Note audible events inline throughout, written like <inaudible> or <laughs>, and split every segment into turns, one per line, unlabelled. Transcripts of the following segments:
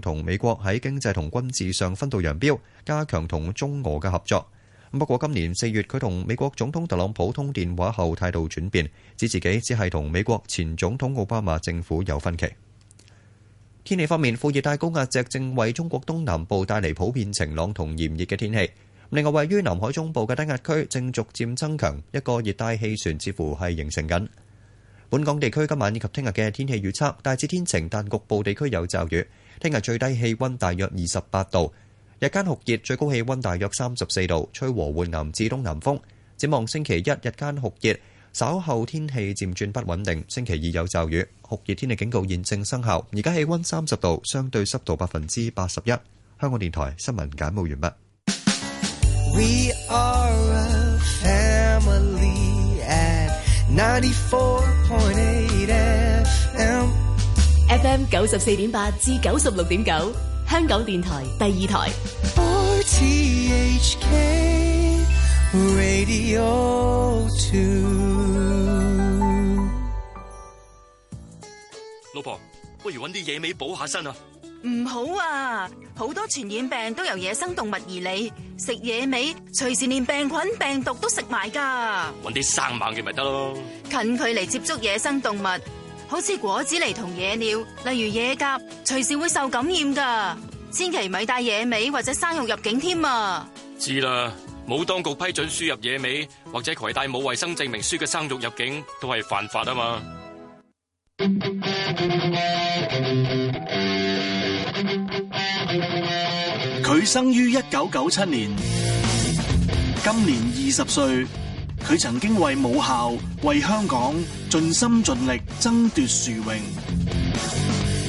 同美國喺經濟同軍事上分道揚鑣，加強同中俄嘅合作。不過今年四月，佢同美國總統特朗普通電話後，態度轉變，指自己只係同美國前總統奧巴馬政府有分歧。天氣方面，副熱帶高壓脊正為中國東南部帶嚟普遍晴朗同炎熱嘅天氣。另外，位於南海中部嘅低壓區正逐漸增強，一個熱帶氣旋似乎係形成緊。本港地區今晚以及聽日嘅天氣預測大致天晴，但局部地區有驟雨。聽日最低氣溫大約二十八度，日間酷熱，最高氣溫大約三十四度，吹和緩南至東南風。展望星期一，日間酷熱，稍後天氣漸轉不穩定。星期二有驟雨，酷熱天氣警告現正生效。而家氣溫三十度，相對濕度百分之八十一。香港電台新聞簡報完畢。
FM 九十四點八至九十六點九，香港電台第二
台。RTHK Radio 2。
老婆，不如揾啲野味補下身啊！
唔
好啊，好多傳染病都由野生動物而嚟，食野味隨時連病菌病毒都食埋㗎。
揾啲生猛嘅咪得咯。
近距離接觸野生動物。好似果子狸同野鳥，例如野鴿，隨時會受感染噶。千祈咪帶野味或者生肉入境添啊！
知啦，冇當局批准輸入野味或者携帶冇衛生證明書嘅生肉入境，都係犯法啊嘛。佢生於一九九七年，今年二十歲。佢曾經為母校、為香港盡心盡力爭奪殊榮。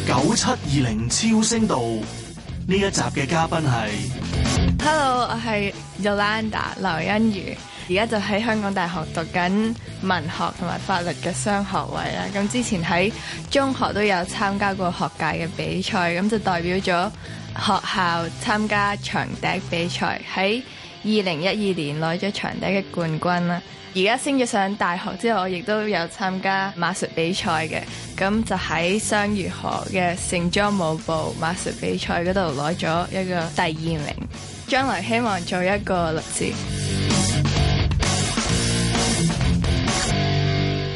九七二零超聲道呢一集嘅嘉賓係
，Hello，我係 Yolanda 劉昕瑜，而家就喺香港大學讀緊文學同埋法律嘅雙學位啦。咁之前喺中學都有參加過學界嘅比賽，咁就代表咗學校參加場地比賽喺，二零一二年攞咗場地嘅冠軍啦，而家升咗上大學之後，我亦都有參加馬術比賽嘅。咁就喺雙魚河嘅盛裝舞步馬術比賽嗰度攞咗一個第二名。將來希望做一個律師。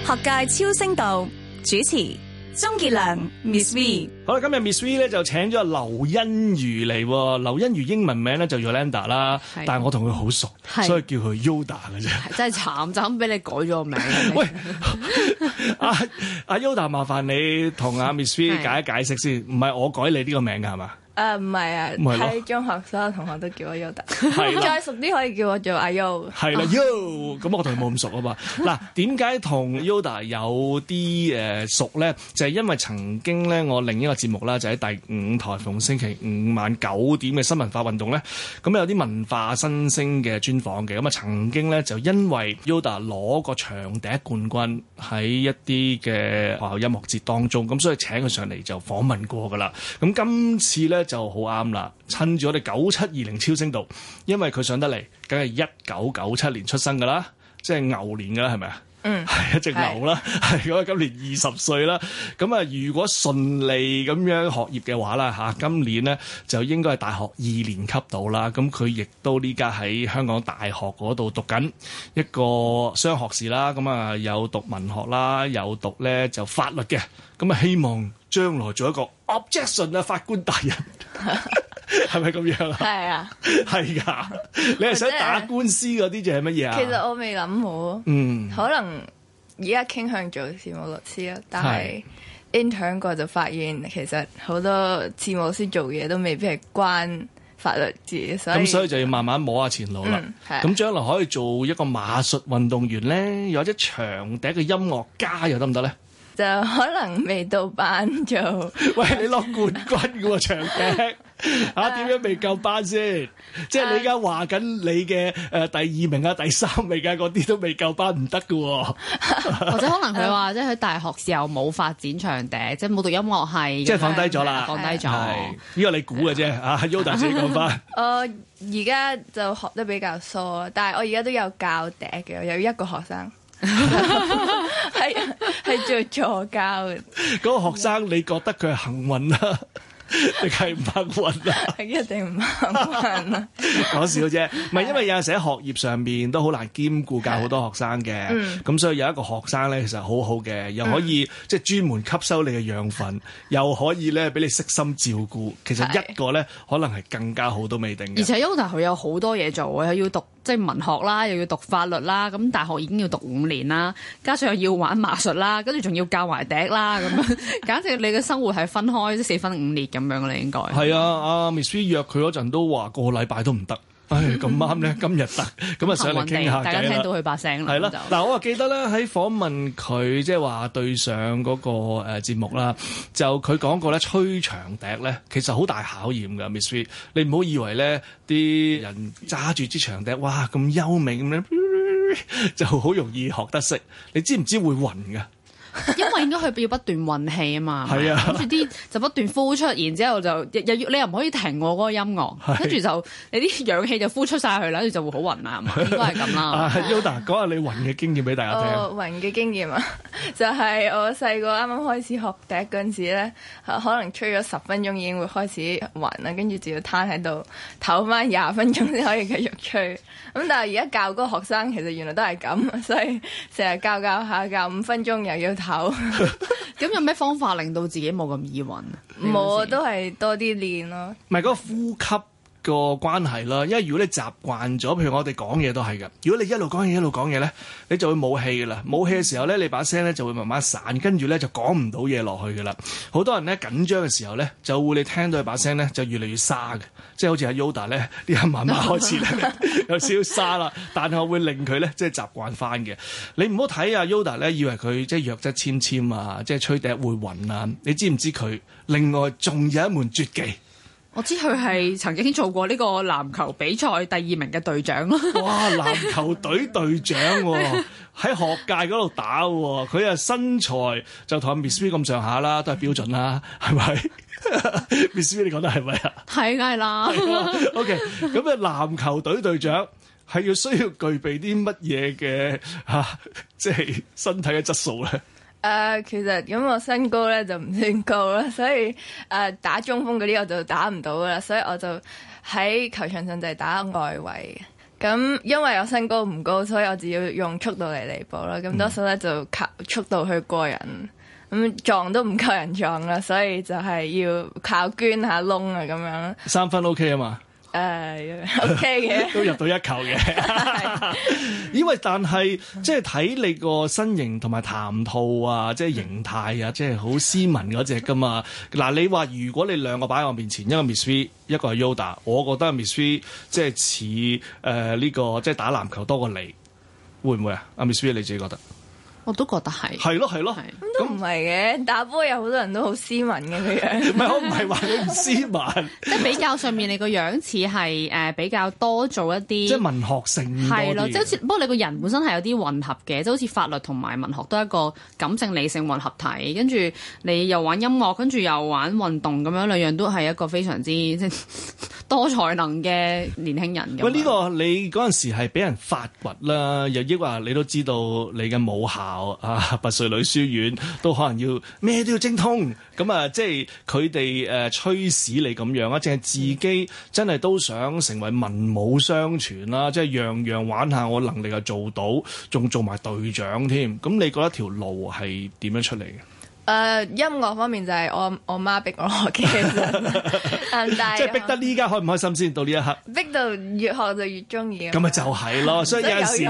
學界超
聲道主持。鍾
傑良，Miss V，好啦，今日 Miss V 咧就請咗阿劉欣如嚟，劉欣如英文名咧就 Yolanda 啦，是的 但係我同佢好熟，是的 所以叫佢 Yoda 嘅
啫，真係慘，就咁俾你改咗個名。喂，
阿阿 Yoda，麻煩你同阿 Miss V 解一解釋先，唔係是的 我改你呢個名噶係嘛？
誒，唔係、呃、啊！喺、啊、中學，所有同學都叫我 YODA <laughs> 是、啊、再熟啲可以叫我做阿 YO
係啦、嗯啊、，YO 咁 <laughs> 我同佢冇咁熟啊嘛。嗱， <laughs> 點解同 YODA 有啲誒熟咧？就係、是、因為曾經咧，我另一個節目啦，就喺第五台逢星期五晚九點嘅新文化運動咧，咁有啲文化新星嘅專訪嘅。咁啊，曾經咧就因為 YODA 攞個長笛冠軍喺一啲嘅學校音樂節當中，咁所以請佢上嚟就訪問過噶啦。咁今次咧。就好啱啦，趁住我哋九七二零超升度，因為佢上得嚟，梗係一九九七年出生噶啦，即係牛年噶啦，係咪啊？嗯，係一隻牛啦，係如果今年二十歲啦，咁啊，如果順利咁樣學業嘅話啦，嚇，今年咧就應該係大學二年級度啦，咁佢亦都呢家喺香港大學嗰度讀緊一個商學士啦，咁啊有讀文學啦，有讀咧就法律嘅，咁啊希望將來做一個 objection 啊法官大人。 <laughs> 係咪咁樣啊？係啊，係噶、 <laughs> 啊，你係想打官司嗰啲就係乜嘢啊？其實
我未諗好，嗯，可能而家傾向做事務律師啦，但係 intern 過就發現其實好多事務師做嘢都未必係關法律字，所以咁所以
就要慢慢摸下前路啦。咁將、嗯啊、來可以做一個馬術運動員咧，或者長笛嘅音樂家又得唔得咧？
就可能未到班做，喂，你攞冠軍嘅長笛，
吓點樣未夠班先？即係你而家話緊你嘅誒第二名啊、第三名啊嗰啲都未夠班，唔得㗎。或者可能佢話
即係佢大學時候冇發展長笛，即係冇讀音樂係，即係放低咗啦，放低咗。呢
個你估嘅啫，啊，Yoda 自己講翻。
誒，而家就學得比較疏，但係我而家都有教笛嘅，我有一個學生。係啊，係最助教嘅
嗰個學生，你覺得佢幸運啊，定係唔幸運啊？
一定唔幸運
啦，講笑啫。唔係因為有陣時喺學業上面都好難兼顧教好多學生嘅，咁的所以有一個學生咧，其實好好嘅，嗯、又可以即係專門吸收你嘅養分，嗯、又可以咧俾你悉心照顧。其實一個咧，可能係更加好都未定嘅。的而且，
因為佢有好多嘢做，佢要讀。即係文學啦，又要讀法律啦，咁大學已經要讀五年啦，加上又要玩馬術啦，跟住仲要教埋笛啦，咁樣， <laughs> 簡直你嘅生活係分開即四分五裂咁樣啦， <laughs> 應該。
係啊，阿 Miss V 約佢嗰陣都話個禮拜都唔得。 <laughs> 唉，咁啱咧，今日啊，咁 <laughs> 啊、嗯、上嚟傾下。大家聽到佢把
聲啦，係啦。 <laughs>
嗱，我啊記得咧喺訪問佢，即係話對上嗰個誒節目啦，就佢講過咧，吹長笛咧其實好大考驗嘅，Miss V。你唔好以為咧啲人揸住支長笛，哇咁優美咁樣，就好容易學得識。你知唔知會暈噶？
<laughs> 因為應該佢要不斷運氣啊嘛，跟住啲就不斷呼出，然之後就又又你又唔可以停我嗰個音樂，跟住是就你啲氧氣就呼出晒去，跟住就會好暈啦。 <laughs> 應
該係咁啦。 <laughs> Yoda 講下你暈嘅經驗俾大家聽。
暈嘅、哦、經驗啊，就係、是、我細個啱啱開始學笛嗰陣時咧，可能吹咗十分鐘已經會開始暈啦，跟住就要攤喺度唞翻廿分鐘先可以繼續吹。咁但係而家教嗰個學生其實原來都係咁，所以成日教教下教五分鐘又要。好，
咁 <laughs> <laughs> 有咩方法令到自己冇咁易暈啊？冇啊有， <laughs>
都係多啲練咯。唔
係嗰個呼吸個關係啦，因為如果你習慣咗，譬如我哋講嘢都係嘅。如果你一路講嘢一路講嘢咧，你就會冇氣㗎啦。冇氣嘅時候咧，你把聲咧就會慢慢散，跟住咧就講唔到嘢落去㗎啦。好多人咧緊張嘅時候咧，就會你聽到佢把聲咧就越嚟越沙嘅，即係好似阿 Yoda 咧啲人慢慢開始咧有少少沙啦。但係會令佢咧即係習慣翻嘅。你唔好睇阿 Yoda 咧，以為佢即係弱質纖纖啊，即係吹笛會暈啊。你知唔知佢另外仲有一門絕技？
我知佢係曾經做過呢個籃球比賽第二名嘅隊長咯。哇，
籃球隊隊長喺、啊、 <laughs> 學界嗰度打喎、啊，佢啊身材就同 Miss V 咁上下啦，都係標準啦，係咪？Miss V 你講得係咪
啊？係，梗係啦。OK，
咁啊籃球隊隊長係要需要具備啲乜嘢嘅吓，即係身體嘅質素咧。
誒，uh, 其實咁我身高咧就唔算高啦，所以誒、uh, 打中鋒嗰啲我就打唔到噶啦，所以我就喺球場上就係打外圍。咁因為我身高唔高，所以我就要用速度嚟彌補啦。咁多數咧就靠速度去過人，咁撞都唔夠人撞啦，所以就係要靠捐下窿啊咁樣。
三分 OK 啊嘛～
誒、uh，OK 嘅， <laughs> 都入
到一球嘅， <laughs> <laughs> 因為但係即係睇你個身形同埋談吐啊，即係形態啊，即係好斯文嗰隻噶嘛。嗱，你話如果你兩個擺喺我面前，因為 uri, 一個 Miss V 一個係 Yoda，我覺得 Miss V 即係似誒呢個即係打籃球多過你，會唔會啊？阿 Miss V，你自己覺得？
我都覺得係，係咯，係咯，咁
的
都唔係嘅。那打波有好多人都好斯文嘅佢
嘅，唔係不 <laughs> 我唔
係話你唔斯文。
即係 <laughs> 比較上面，你個樣似係誒比較多做一啲，即係文
學性多啲係咯，即的好似
不過你個人本身係有啲混合嘅，即好似法律同埋文學都係一個感性理性混合體。跟住你又玩音樂，跟住又玩運動咁樣，兩樣都係一個非常之即多才能嘅年輕人。喂，呢、這個
你嗰陣時係俾人發掘啦，又抑話你都知道你嘅母校。有啊，拔萃女書院都可能要咩都要精通，咁啊，即係佢哋誒，催、呃、使你咁樣啊，淨係自己真係都想成為文武雙全啦，即係樣樣玩下，我能力又做到，仲做埋隊長添。咁你覺得條路係點樣出嚟嘅？
誒、呃，音樂方面就係我我媽逼我學嘅，但 <laughs> 是即係逼
得呢家開唔開心先到呢一刻，
逼到越學就越中意。咁咪
就係咯， <laughs> 所以有陣時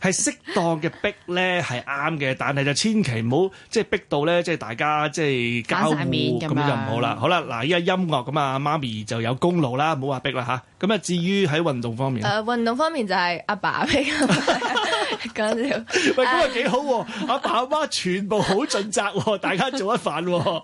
係適當嘅逼咧係啱嘅， <laughs> 但係就千祈唔好即係逼到咧，即係大家即係、就是就是、交面咁樣就唔好啦。好啦，嗱依家音樂咁啊，媽咪就有功勞啦，唔好話逼啦吓。咁啊，至於喺運動方面，誒、
呃，運動方面就係阿爸，爸逼。 <laughs>
喂，咁 <laughs> 啊幾好，阿 <laughs> 爸阿媽全部好盡責，大家做一份、啊。
誒、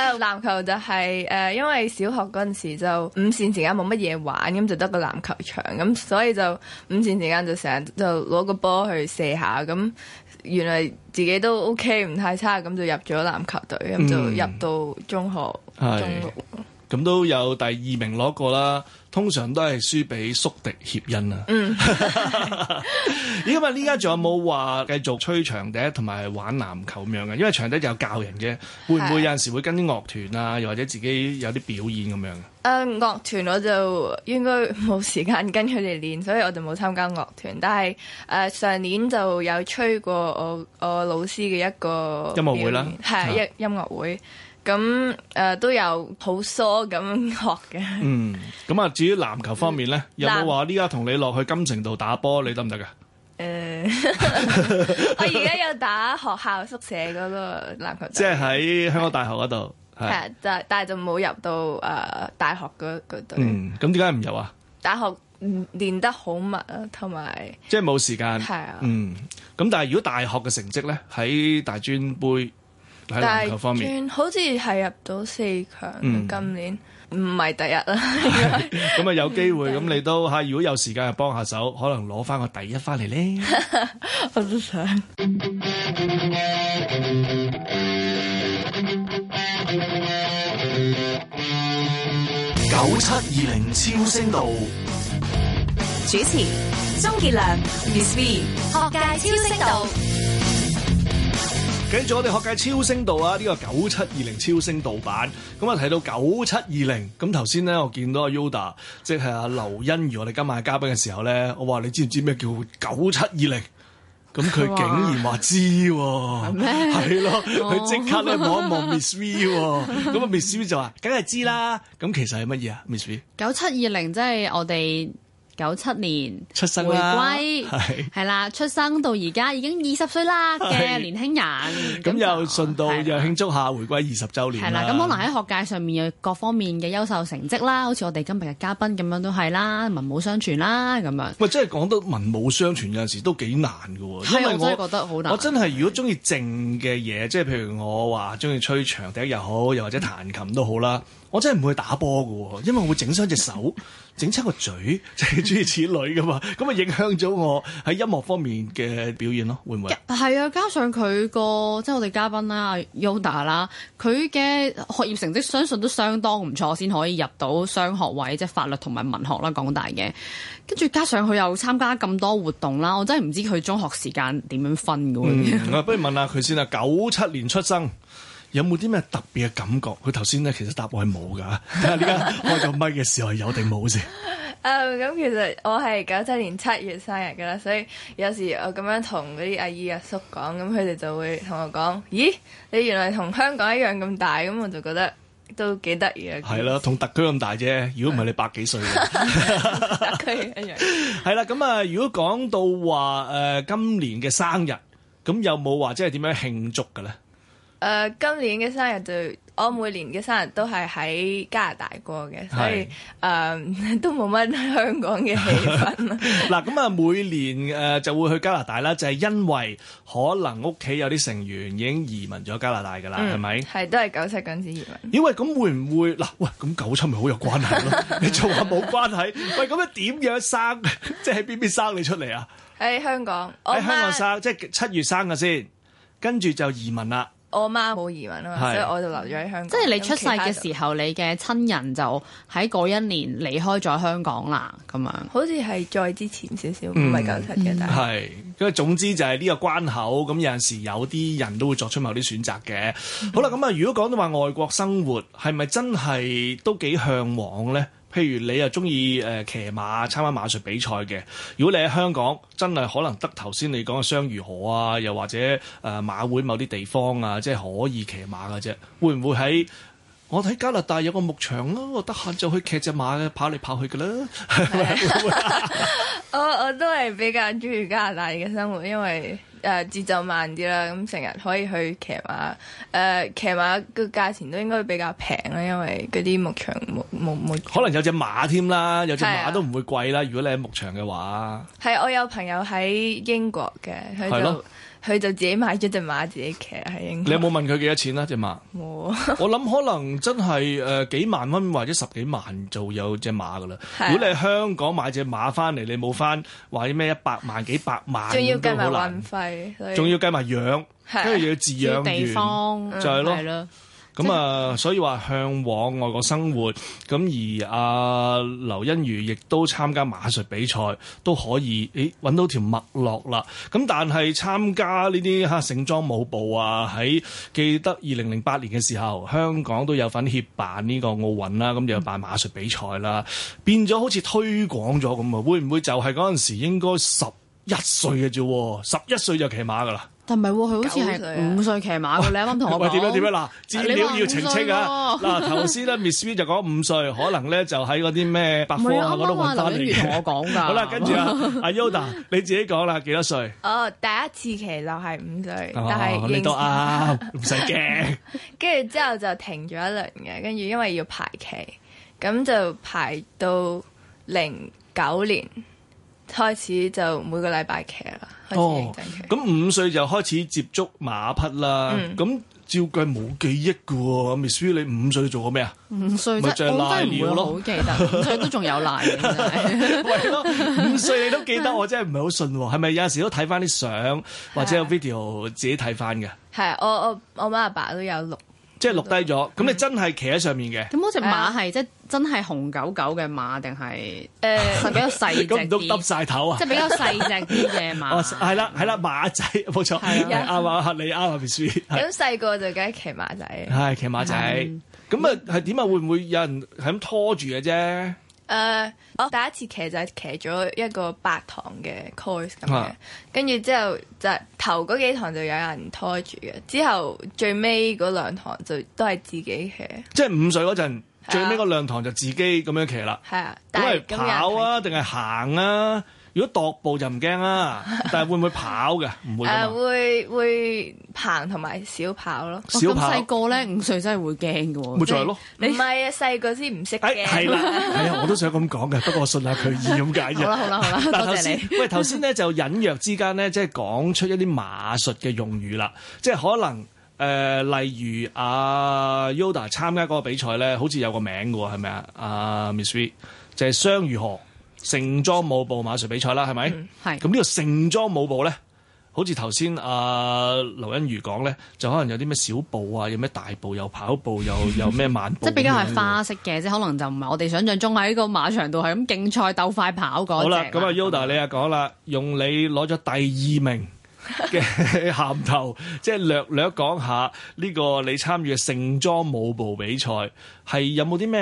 呃，籃球就係、是、誒、呃，因為小學嗰陣時就午膳時間冇乜嘢玩，咁就得個籃球場，咁所以就午膳時間就成日就攞個波去射下，咁原來自己都 OK 唔太差，咁就入咗籃球隊，咁就入到中學、嗯、中六
路。咁都有第二名攞過啦，通常都係輸俾宿敵協恩啦。嗯，咦咁啊？呢家仲有冇話繼續吹長笛同埋玩籃球咁樣嘅？因為長笛有教人嘅，會唔會有陣時會跟啲樂團啊，又或者自己有啲表演咁樣？
誒、嗯、樂團我就應該冇時間跟佢哋練，所以我就冇參加樂團。但係誒、呃、上年就有吹過我我老師嘅一個音樂會啦，係一音樂會。啊咁誒都有好疏咁學嘅。嗯，
咁啊，至於籃球方面咧，有冇話呢家同你落去金城道打波，你得唔得噶？
誒，我而家有打學校宿舍嗰個籃球。
即係喺香港大學嗰度。係，
但但係就冇入到誒大學嗰度。嗯，
咁點解唔入啊？
大學練得好密啊，同埋
即係冇時間。係。嗯，咁但係如果大學嘅成績咧，喺大專杯。喺籃球方面，
好似係入到四強。今年唔係、嗯、第一啦，
咁啊有機會，咁你都吓，如果有時間啊，幫下手，可能攞翻個第一翻嚟咧。
我都想。
九
七二零超聲度，
主持鍾傑良
，Miss V 學界超聲度。
繼咗我哋學界超聲度、這個、啊，哇嗎呢個九七二零超聲度版咁啊，睇到九七二零咁頭先咧，我見到阿 Yoda 即係阿劉昕瑜，我哋今晚嘅嘉賓嘅時候咧，我話你知唔知咩叫九七二零？咁佢竟然話知係咩？係咯，佢即刻咧望一望 Miss V，咁啊 Miss V 就話梗係知啦。咁其實係乜嘢啊？Miss V，九
七二零即係我哋。九七年出生，回歸係啦，出生到而家已經二十歲啦嘅年輕人，
咁的又順道的又慶祝下回歸二十周年啦。係啦，咁可能喺
學界上面有各方面嘅優秀成績啦，好似我哋今日嘅嘉賓咁樣都係啦，文武雙全啦咁樣。
喂，即係講到文武雙全有陣時都幾難噶，因為的我，我真係覺得好難。我真係如果中意靜嘅嘢，即係譬如我話中意吹長笛又好，又或者彈琴都好啦。我真係唔會打波嘅，因為我會整傷隻手、整親 <laughs> 個嘴，即係諸如此類嘅嘛，咁啊，影響咗我喺音樂方面嘅表現咯，會唔
會？係啊、嗯，加上佢個即係我哋嘉賓啦 Yoda 啦，佢嘅學業成績相信都相當唔錯，先可以入到雙學位，即係法律同埋文學啦，港大嘅。跟住加上佢又參加咁多活動啦，我真係唔知佢中學時間點樣分嘅喎。
嗯、 <laughs> 不如問下佢先啊，九七年出生。有冇啲咩特別嘅感覺？佢頭先咧，其實答案係冇㗎。家開咗咪嘅時候係有定冇
先？誒、 <laughs> 嗯，咁其實我係九七年七月生日㗎啦，所以有時我咁樣同嗰啲阿姨阿叔講，咁佢哋就會同我講：咦，你原來同香港一樣咁大，咁我就覺得都幾得意啊。係咯，
同特區咁大啫。如果唔係你百幾歲， <laughs> <laughs> 特區一樣。係啦，咁啊，如果講到話誒、呃、今年嘅生日，咁有冇話即係點樣慶祝㗎咧？
誒，今年嘅生日就，我每年嘅生日都係喺加拿大過嘅，所以誒都冇乜香港嘅氣氛。
嗱，咁啊，每年誒就會去加拿大啦，就係因為可能屋企有啲成員已經移民咗加拿大噶啦，係咪？
係都係九七嗰陣時移民。
因為咁會唔會？嗱，喂，咁九七咪好有關係
咯？你仲話冇關
係？喂，咁樣點樣生？即係喺邊邊生你出嚟啊？
喺香港，喺香
港生，即係七月生嘅先，跟住就移民啦。
我媽冇移民啊嘛，是所以我就留咗喺香港。即係你出世嘅時候，
你嘅親人就喺嗰一年離開咗香港啦，咁樣。好
似係再之前少少，唔係九七嘅。嗯、
但係
是。因為總之就係呢個關口，咁有陣時有啲人都會作出某啲選擇嘅。嗯、好啦，咁啊，如果講到話外國生活係咪真係都幾嚮往咧？譬如你又中意誒騎馬參加馬術比賽嘅，如果你喺香港真係可能得頭先你講嘅雙魚河啊，又或者誒、呃、馬會某啲地方啊，即係可以騎馬嘅啫。會唔會喺我睇加拿大有個牧場咯、啊？我得閒就去騎隻馬，跑嚟跑去嘅啦。
我我都係比較中意加拿大嘅生活，因為。誒節奏慢啲啦，咁成日可以去騎馬，誒、呃、騎馬個價錢都應該比較平啦，因為嗰啲牧場牧牧牧，牧牧
可能有隻馬添啦，有隻馬都唔會貴啦，是的 如果你喺牧場嘅話。
係，我有朋友喺英國嘅，佢就佢就自己買咗隻馬自己騎，係應該。你有
冇問佢幾多錢啊？隻馬？冇。 <laughs> 我諗可能真係誒幾萬蚊或者十幾萬就有隻馬噶啦。啊、如果你喺香港買隻馬翻嚟，你冇翻話要咩一百萬幾百萬，仲要計埋運
費，仲
要計埋養，跟住要自養，地方就係咯。嗯咁、嗯、的啊，所以話向往外國生活，咁而阿劉、啊、昕瑜亦都參加馬術比賽都可以，誒揾到條脈絡啦。咁、啊、但係參加呢啲吓盛裝舞步啊，喺記得二零零八年嘅時候，香港都有份協辦呢個奧運啦，咁、啊、就、嗯、辦馬術比賽啦、啊，變咗好似推廣咗咁啊？會唔會就係嗰陣時應該十一歲嘅啫，十一歲就騎馬噶啦？
但唔係喎，佢、啊、好似係五歲騎馬喎，啊、你啱啱同我講。唔係點樣點、啊、樣嗱、啊，資料要澄清啊！嗱，頭先
咧，Miss B 就講五歲，可能咧就喺嗰啲咩百科、啊、我同、啊、我揾翻嚟。 <laughs> 好啦，跟住啊，阿 Yoda 你自己講啦，幾多歲？
哦，第一次騎就係五歲，但係我都度
啱，唔使
驚。跟住之後就停咗一輪嘅，跟住因為要排期，咁就排到零九年。開始就每個禮拜劇啦，開
始哦，咁五歲就開始接觸馬匹啦，咁、嗯、照計冇記憶噶喎，Miss、啊、你五歲做過咩
啊？五歲歲就瀨尿咯，五歲都仲有瀨尿，五歲你都
記得，我真係唔係好信，係咪 <laughs> 有陣時都睇翻啲相或者 video 自己睇翻嘅？
係，我我我媽阿爸都有錄。
即係錄低咗，咁你真係騎喺上面嘅？咁
好似馬係即係真係紅狗狗嘅馬，定係誒比較細隻？咁都耷
晒頭啊？即係比較細隻啲嘅馬。哦，係啦係啦，馬仔冇錯，啱啊你啱啊。咁細個就
梗係騎馬仔。
係騎馬仔，咁啊係點啊？會唔會有人係咁拖住嘅啫？
誒，我、uh, oh, 第一次騎就係騎咗一個八堂嘅 course 咁、uh, 樣，跟住之後就頭嗰幾堂就有人拖住嘅，之後最尾嗰兩堂就都係自己騎。
即係五歲嗰陣，uh, 最尾嗰兩堂就自己咁樣騎啦。
係、uh, uh, 啊，uh, 啊 uh, 但係跑啊
定係、uh, 行啊？如果踱步就唔驚啦，但係會唔會跑嘅？唔會誒、啊，
會會行同埋小跑咯。小跑咁細個咧，嗯、五歲真係會驚嘅喎。冇錯咯，你唔係啊，細個先唔識驚。係啦、
哎，
係啊，啊，啊，我都想咁講嘅，不過我信下佢意咁解啫。好啦、啊、好啦、啊、好啦、啊，多 <laughs> 剛謝，謝你。喂，頭先咧就隱約之間咧，即係講出一啲馬術嘅用語啦，即係可能誒、呃呃，例如阿 Yoda 參加嗰個比賽咧，好似有個名嘅喎，係咪啊？阿 Miss V 就係、是、雙魚河。盛裝舞步馬術比賽啦，係咪？係、嗯。咁呢個盛裝舞步咧，好似頭先阿劉昕瑜講咧，就可能有啲咩小步啊，有咩大步，又跑步，又有咩慢步。 <laughs> 即係比較係花
式嘅，即係 <laughs> 可能就唔係我哋想像中喺呢個馬場度係咁競賽鬥快跑嗰隻。好啦，咁啊
Yoda，你又講啦，用你攞咗第二名嘅銜 <laughs> 頭，即係略略講下呢、呢個你參與嘅盛裝舞步比賽係有冇啲咩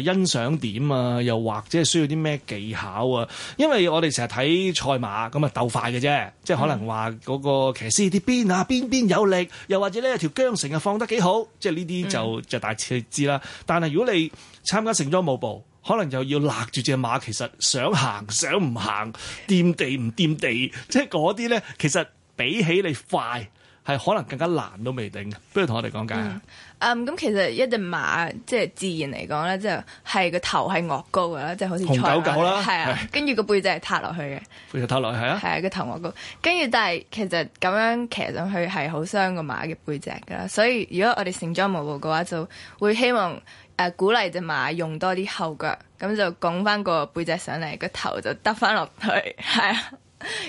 誒欣賞點啊？又或者係需要啲咩技巧啊？因為我哋成日睇賽馬咁啊鬥快嘅啫，即係可能話嗰個騎師啲鞭啊邊邊有力，又或者咧條韁繩啊放得幾好，即係呢啲就、嗯、就大致知啦。但係如果你參加盛裝舞步，可能就要勒住隻馬，其實想行想唔行，掂地唔掂地，即係嗰啲咧其實。比起你快，係可能更加難都未定。不如同我哋講解
下。咁、嗯嗯、其實一隻馬即係自然嚟講咧，就係、是、個頭係昂高噶啦，即係好似紅狗，狗啦，係啊。跟住個背脊係塌落去嘅。
背脊塌落去係啊。
係啊，個頭昂高。跟住但係其實咁樣騎上去係好傷個馬嘅背脊噶。所以如果我哋盛裝舞步嘅話，就會希望誒、呃、鼓勵隻馬用多啲後腳，咁就拱翻個背脊上嚟，個頭就耷翻落去，係啊。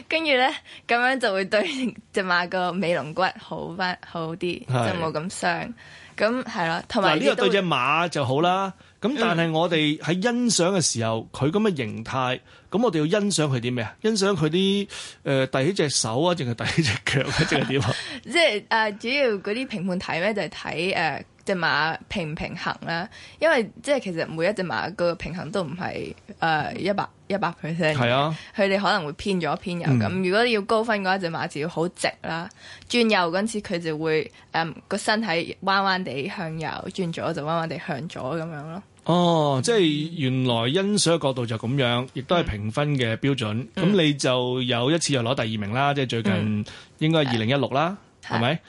跟住咧，咁樣就會對隻馬個尾龍骨好返好啲，是就冇咁傷。咁係咯，同埋呢個對隻
馬就好啦。咁、嗯、但係我哋喺欣賞嘅時候，佢咁嘅形態，咁我哋要欣賞佢啲咩啊？欣賞佢啲誒，第幾隻手啊，定係第幾隻腳啊，定係點啊？ <laughs> 即
係誒、呃，主要嗰啲評判睇呢，就係睇誒，隻馬平唔平衡啦。因為即係其實每一隻馬個平衡都唔係誒一百。呃一百 percent，係啊，佢哋可能會偏左偏右咁。嗯、如果要高分嘅話，就馬字要好直啦。轉右嗰次佢就會誒個、嗯、身體彎彎地向右，轉左就彎彎地向左咁樣咯。
哦，即係原來欣賞嘅角度就咁樣，亦都係評分嘅標準。咁、嗯、你就有一次又攞第二名啦，嗯、即係最近應該係二零一六啦，係咪對？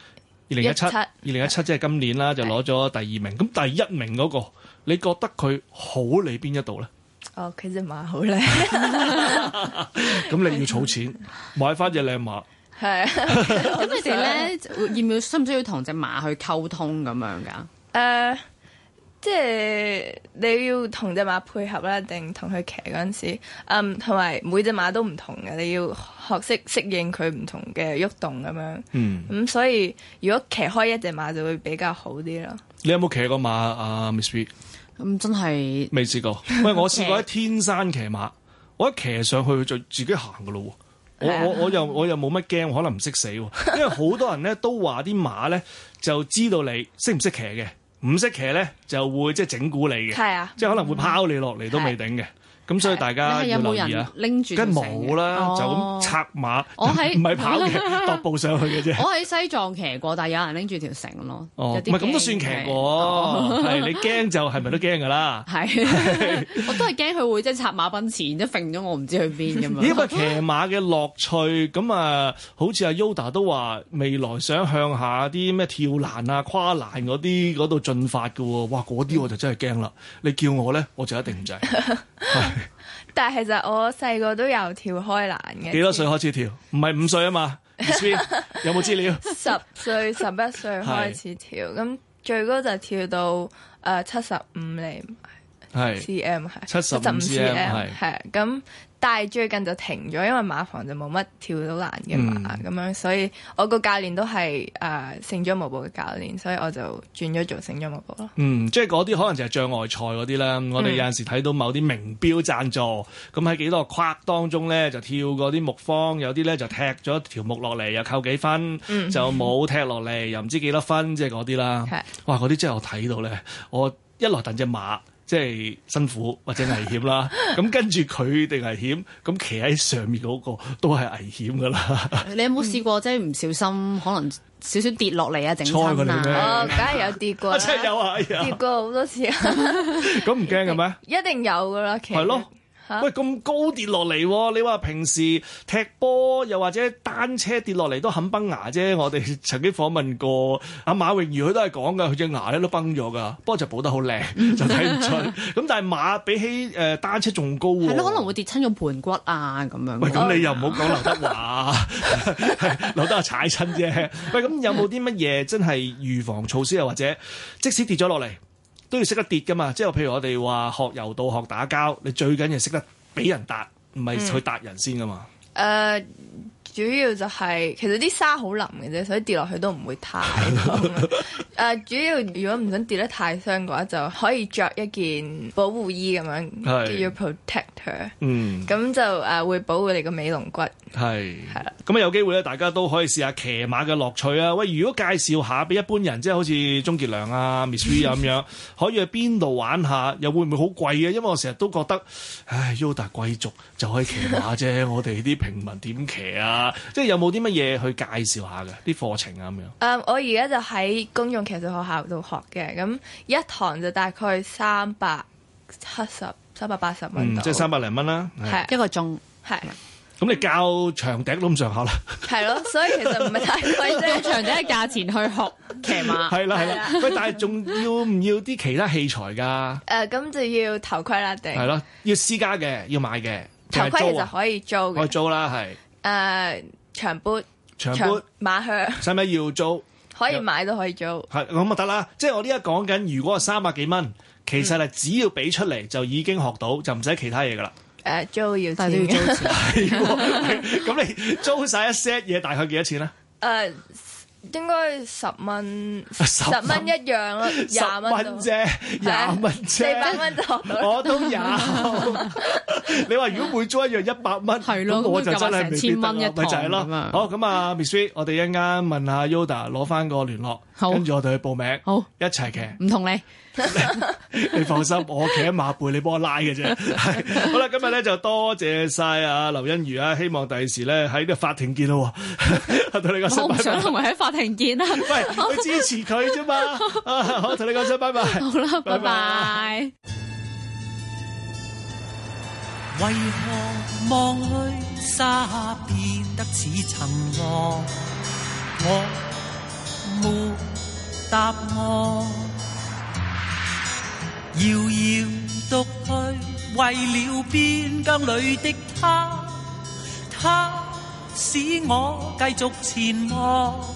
二零一七，二零一七即係今年啦，就攞咗第二名。咁對 第一名嗰、嗰個，你覺得佢好喺邊一度咧？
哦，佢隻馬好靚，
咁你要儲錢買
翻隻靚馬。係，
咁佢哋
咧要唔要，需唔需要同隻馬去溝通咁樣噶？
誒，即係你要同隻馬配合啦，一定同佢騎嗰陣時，嗯，同埋每隻馬都唔同嘅，你要學識適應佢唔同嘅喐動咁樣。嗯，咁所以如果騎開一隻馬就會比較好啲咯。
你有冇騎過馬啊，Miss V？咁、嗯、真係未試過，餵我試過喺天山騎馬，騎我一騎上去就自己行噶咯，
我我我
又我又冇乜驚，可能唔識死喎， <laughs> 因為好多人咧都話啲馬咧就知道你識唔識騎嘅，唔識騎咧就會的即係整蠱你嘅，即係可能會拋你落嚟都未頂嘅。咁所以大家有冇人啊！
拎住梗冇啦，就咁策馬，唔係跑，踱步
上去嘅啫。我喺
西藏騎過，但係有人拎住條繩咯，唔係咁都算
騎過喎。係你驚就係咪都驚噶啦？
係，我都係驚佢會即係策馬奔馳，然之後揈咗我唔知去邊咁啊！咦？
唔係騎馬嘅樂趣咁啊？好似阿 Yoda 都話未來想向下啲咩跳欄啊、跨欄嗰啲嗰度進發嘅喎。哇！嗰啲我就真係驚啦。你叫我咧，我就一定唔制。
但係其實我細個都有跳開欄嘅。幾多
歲開始跳？唔係五歲啊嘛。 <laughs> 有冇資料？
十歲、十一 <laughs> 歲開始跳，咁是最高就跳到誒七十五厘米。
Uh, cm 係是。七十五 cm 係
是。咁是。但係最近就停咗，因為馬房就冇乜跳到難嘅馬，咁、嗯、樣，所以我個教練都係誒盛裝舞步嘅教練，所以我就轉咗做盛咗舞步咯。嗯，
即係嗰啲可能就係障礙賽嗰啲啦。嗯，我哋有陣時睇到某啲名標贊助，咁喺幾多個框當中咧，就跳嗰啲木方，有啲咧，就踢咗條木落嚟，又扣幾分，就冇踢落嚟，又唔知幾多分，即係嗰啲啦。哇的，嗰啲即係我睇到咧，我一來等隻馬。即係辛苦或者危險啦，咁 <laughs> 跟住佢哋危險，咁企喺上面嗰個都係危險噶啦。
你有冇試過、嗯、即係唔小心，可能少少跌落嚟啊，整親啊？哦，梗係有
跌過， <laughs> 啊有啊，啊跌過好多次 <laughs> 。
咁唔驚嘅咩？
一定有噶啦，其實。係咯。喂，
咁高跌落嚟、啊，你話平時踢波又或者單車跌落嚟都肯崩牙啫。我哋曾經訪問過阿馬榮如，佢都係講㗎，佢隻牙咧都崩咗噶。不過就補得好靚， <laughs> 就睇唔出。咁但係馬比起誒單車仲
高喎、啊。係咯， <laughs> 可能會跌親咗盤骨啊咁樣。喂，咁你又唔好講劉德華，
劉德華踩親啫。喂，咁有冇啲乜嘢真係預防措施啊？或者即使跌咗落嚟，都要識得跌㗎嘛，即係譬如我哋話學柔道學打交，你最緊要識得俾人打，唔係、嗯、去打人先㗎嘛、
uh。誒。主要就係、是、其實啲沙好腍嘅啫，所以跌落去都唔會太。誒， <laughs> uh, 主要如果唔想跌得太傷嘅話，就可以着一件保護衣咁樣，是叫 protector
嗯，
咁就誒、uh, 會保護你個尾龍骨。係
係啦，咁是有機會咧，大家都可以試下騎馬嘅樂趣啊！喂，如果介紹下俾一般人，即係好似鍾傑良啊、Miss V 咁樣， <laughs> 可以去邊度玩下？又會唔會好貴啊？因為我成日都覺得，唉，U 達貴族就可以騎馬啫，我哋啲平民點騎啊？ <laughs> <laughs> 即係有冇啲乜嘢去介紹下嘅啲課程啊咁樣？
誒、嗯，我而家就喺公眾騎術學校度學嘅，咁一堂就大概三百七十、三百八十蚊。即係
三百零蚊啦。
係一個鐘係。
咁你教長笛都咁上下啦。
係咯，所以其實唔係太貴啫。 <laughs> 即係長笛嘅價錢去學騎馬。
係啦係啦。喂，了但係仲要唔要啲其他器材噶？
誒、呃，咁就要頭盔啦，定係
咯？要私家嘅，要買嘅。就是、頭盔其實可
以租嘅，可以租啦，係。誒、uh,，長杯波、長杯、馬靴上，
使唔使要租？
<laughs> 可以買都可以租。
係咁、嗯、就得啦，即、就、係、是、我呢家講緊，如果三百幾蚊，其實係只要俾出嚟就已經學到，就唔使其他嘢噶啦。誒
，uh, 租要,錢
要租錢，咁、 <laughs> <laughs> 哎、你租晒一 set 嘢大概幾多錢
咧？誒。Uh, 應該十蚊，十蚊一樣啦，廿蚊啫，
廿蚊啫，四百
蚊度，我都有。
你話如果每租一樣一百蚊，咁我就真係千蚊一堂咪就係咯。好，咁啊，Ms V，我哋一陣間問下 Yoda 攞翻個聯絡，跟住我哋去報名，好一齊騎。唔同你，你放心，我企喺馬背，你幫我拉嘅啫。係好啦，今日咧就多謝晒啊劉昕瑜啊，希望第時咧喺呢個法庭見到。
我唔想同你喺法。停件啦，喂，去支持佢啫嘛。
好，同你講聲拜拜，好啦，拜拜。
為何望去沙變得似塵浪？我沒答案。遙遙獨去，為了邊疆裏的他，他使我繼續前往。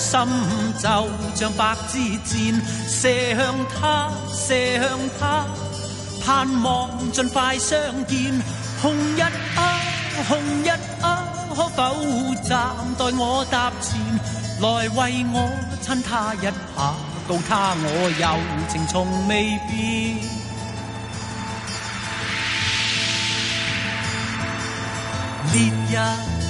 心就像白紙箭射向他，射向他，盼望盡快相見。紅日啊，紅日啊，可否暫代我踏前，來為我親他一下，告他我柔情從未變。烈日。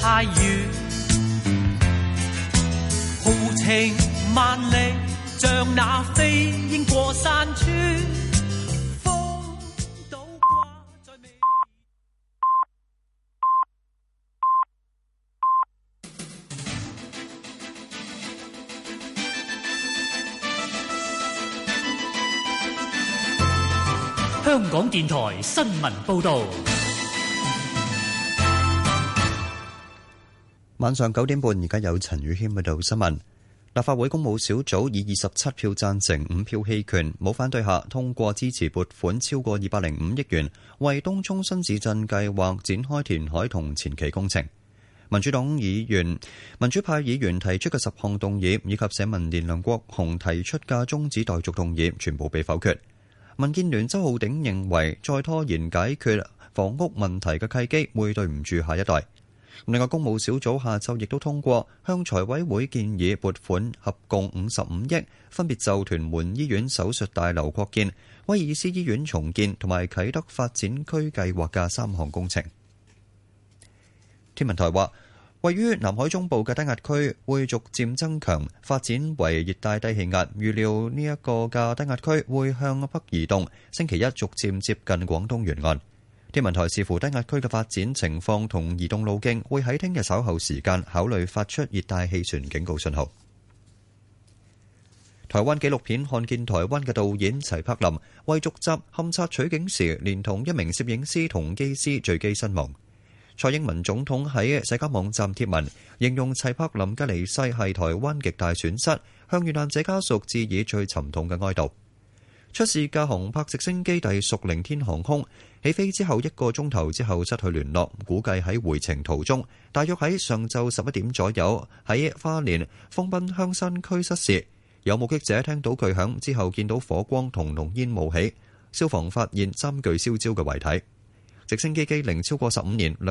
太遠，豪情萬里，像那飛鷹過山川。風倒掛在眉。香港電台新聞報道。
晚上九點半，而家有陳宇謙報道新聞。立法會公務小組以二十七票贊成、五票棄權、冇反對下通過支持撥款超過二百零五億元，為東涌新市鎮計劃展開填海同前期工程。民主黨議員、民主派議員提出嘅十項動議，以及社民連梁國雄提出嘅終止代續動議，全部被否決。民建聯周浩鼎認為，再拖延解決房屋問題嘅契機，會對唔住下一代。另外，公務小組下晝亦都通過向財委會建議撥款合共五十五億，分別就屯門醫院手術大樓擴建、威爾斯醫院重建同埋啟德發展區計劃嘅三項工程。天文台話，位於南海中部嘅低壓區會逐漸增強，發展為熱帶低氣壓，預料呢一個嘅低壓區會向北移動，星期一逐漸接近廣東沿岸。天文台視乎低壓區嘅發展情況同移動路徑，會喺聽日稍後時間考慮發出熱帶氣旋警告信號。台灣紀錄片看見台灣嘅導演齊柏林為續集，勘測取景時，連同一名攝影師同機師墜機身亡。蔡英文總統喺社交網站貼文，形容齊柏林嘅離世係台灣極大損失，向遇難者家屬致以最沉痛嘅哀悼。出事嘅航拍直升機隸屬凌天航空。起飛之後一個鐘頭之後失去聯絡，估計喺回程途中，大約喺上晝十一點左右喺花蓮豐濱鄉山區失事，有目擊者聽到巨響之後見到火光同濃煙冒起，消防發現三具燒焦嘅遺體。直升機機齡超過十五年兩。